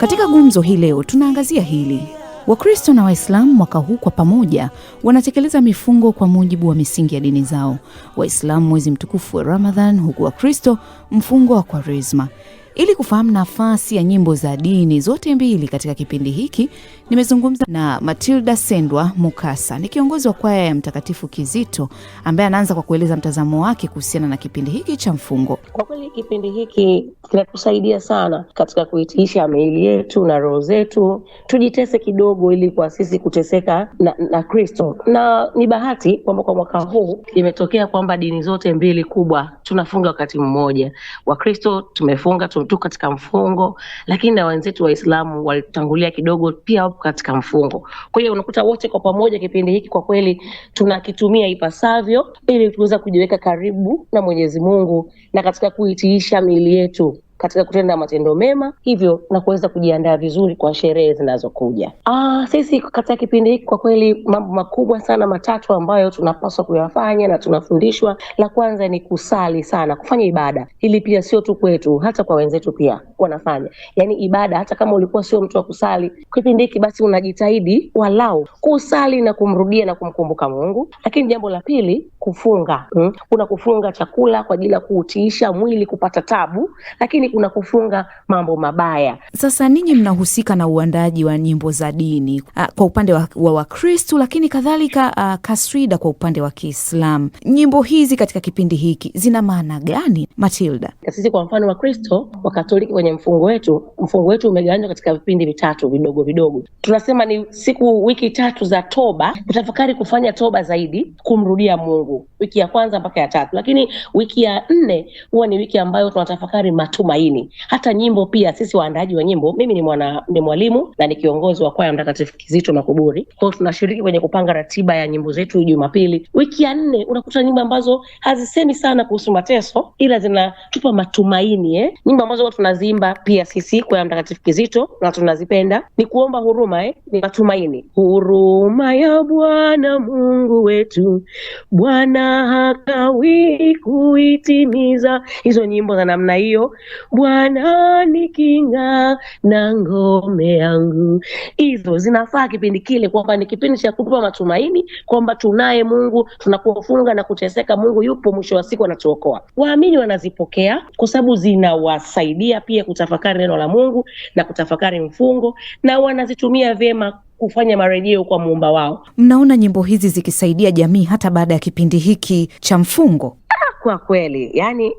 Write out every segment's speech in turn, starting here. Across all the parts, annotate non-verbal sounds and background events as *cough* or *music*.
Katika gumzo hii leo tunaangazia hili. Wakristo na Waislamu mwaka huu kwa pamoja wanatekeleza mifungo kwa mujibu wa misingi ya dini zao. Waislamu mwezi mtukufu wa Ramadhan, huku Wakristo mfungo wa Kwaresma. Ili kufahamu nafasi ya nyimbo za dini zote mbili katika kipindi hiki, nimezungumza na Matilda Sendwa Mukasa, ni kiongozi wa kwaya ya Mtakatifu Kizito, ambaye anaanza kwa kueleza mtazamo wake kuhusiana na kipindi hiki cha mfungo. Kwa kweli kipindi hiki kinatusaidia sana katika kuitiisha miili yetu na roho zetu, tujitese kidogo, ili kwa sisi kuteseka na, na Kristo. Na ni bahati kwamba kwa mwaka huu imetokea kwamba dini zote mbili kubwa tunafunga wakati mmoja. Wakristo tumefunga, tumefunga tu katika mfungo, lakini na wenzetu Waislamu walitangulia kidogo, pia wapo katika mfungo. Kwa hiyo unakuta wote kwa pamoja kipindi hiki kwa kweli tunakitumia ipasavyo, ili tuweza kujiweka karibu na Mwenyezi Mungu na katika kuitiisha miili yetu katika kutenda matendo mema, hivyo na kuweza kujiandaa vizuri kwa sherehe zinazokuja. Ah, sisi katika kipindi hiki kwa kweli mambo makubwa sana matatu ambayo tunapaswa kuyafanya na tunafundishwa. La kwanza ni kusali sana, kufanya ibada. Hili pia sio tu kwetu, hata kwa wenzetu pia wanafanya, yaani ibada. Hata kama ulikuwa sio mtu wa kusali, kipindi hiki basi unajitahidi walau kusali na kumrudia na kumkumbuka Mungu. Lakini jambo la pili, kufunga. Hmm, kuna kufunga chakula kwa ajili ya kuutiisha mwili kupata tabu, lakini unakufunga mambo mabaya. Sasa ninyi mnahusika na uandaji wa nyimbo za dini a, ah, kwa upande wa Wakristu wa lakini kadhalika a, ah, kaswida kwa upande wa Kiislamu, nyimbo hizi katika kipindi hiki zina maana gani, Matilda? Sisi kwa mfano Wakristo Wakatoliki kwenye mfungo wetu, mfungo wetu umegawanywa katika vipindi vitatu vidogo vidogo. Tunasema ni siku wiki tatu za toba, kutafakari, kufanya toba zaidi, kumrudia Mungu, wiki ya kwanza mpaka ya tatu. Lakini wiki ya nne huwa ni wiki ambayo tunatafakari matumaini laini. Hata nyimbo pia, sisi waandaaji wa nyimbo, mimi ni mwana ni mwalimu na ni kiongozi wa kwaya Mtakatifu Kizito Makuburi, kwa hiyo tunashiriki kwenye kupanga ratiba ya nyimbo zetu Jumapili. Wiki ya nne unakuta nyimbo ambazo hazisemi sana kuhusu mateso, ila zinatupa matumaini eh. Nyimbo ambazo huwa tunaziimba pia sisi kwaya Mtakatifu Kizito na tunazipenda ni kuomba huruma eh, ni matumaini. Huruma ya Bwana Mungu wetu, Bwana hakawi kuitimiza. Hizo nyimbo za namna hiyo Bwana ni kinga na ngome yangu. Hizo zinafaa kipindi kile, kwamba ni kipindi cha kutupa matumaini kwamba tunaye Mungu, tunakufunga na kuteseka, Mungu yupo, mwisho wa siku anatuokoa. Waamini wanazipokea kwa sababu zinawasaidia pia kutafakari neno la Mungu na kutafakari mfungo, na wanazitumia vyema kufanya marejeo kwa muumba wao. Mnaona nyimbo hizi zikisaidia jamii hata baada ya kipindi hiki cha mfungo? Kwa kweli yani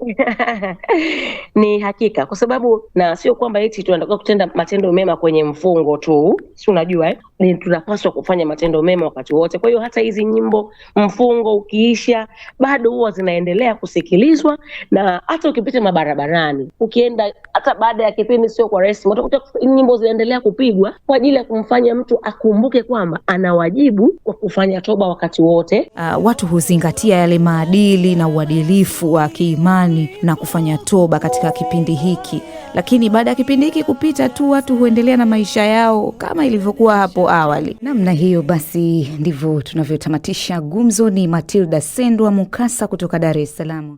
*laughs* ni hakika, kwa sababu na sio kwamba eti tunataka kutenda matendo mema kwenye mfungo tu, si unajua eh? ni tunapaswa kufanya matendo mema wakati wote. Kwa hiyo hata hizi nyimbo mfungo ukiisha, bado huwa zinaendelea kusikilizwa, na hata ukipita mabarabarani, ukienda hata baada ya kipindi sio kwa rasmi, utakuta nyimbo zinaendelea kupigwa kwa ajili ya kumfanya mtu akumbuke kwamba ana wajibu wa kufanya toba wakati wote. Uh, watu huzingatia yale maadili na uadilifu wa kiimani na kufanya toba katika kipindi hiki, lakini baada ya kipindi hiki kupita tu, watu huendelea na maisha yao kama ilivyokuwa hapo awali. Namna hiyo basi ndivyo tunavyotamatisha Gumzo. Ni Matilda Sendwa Mukasa kutoka Dar es Salaam.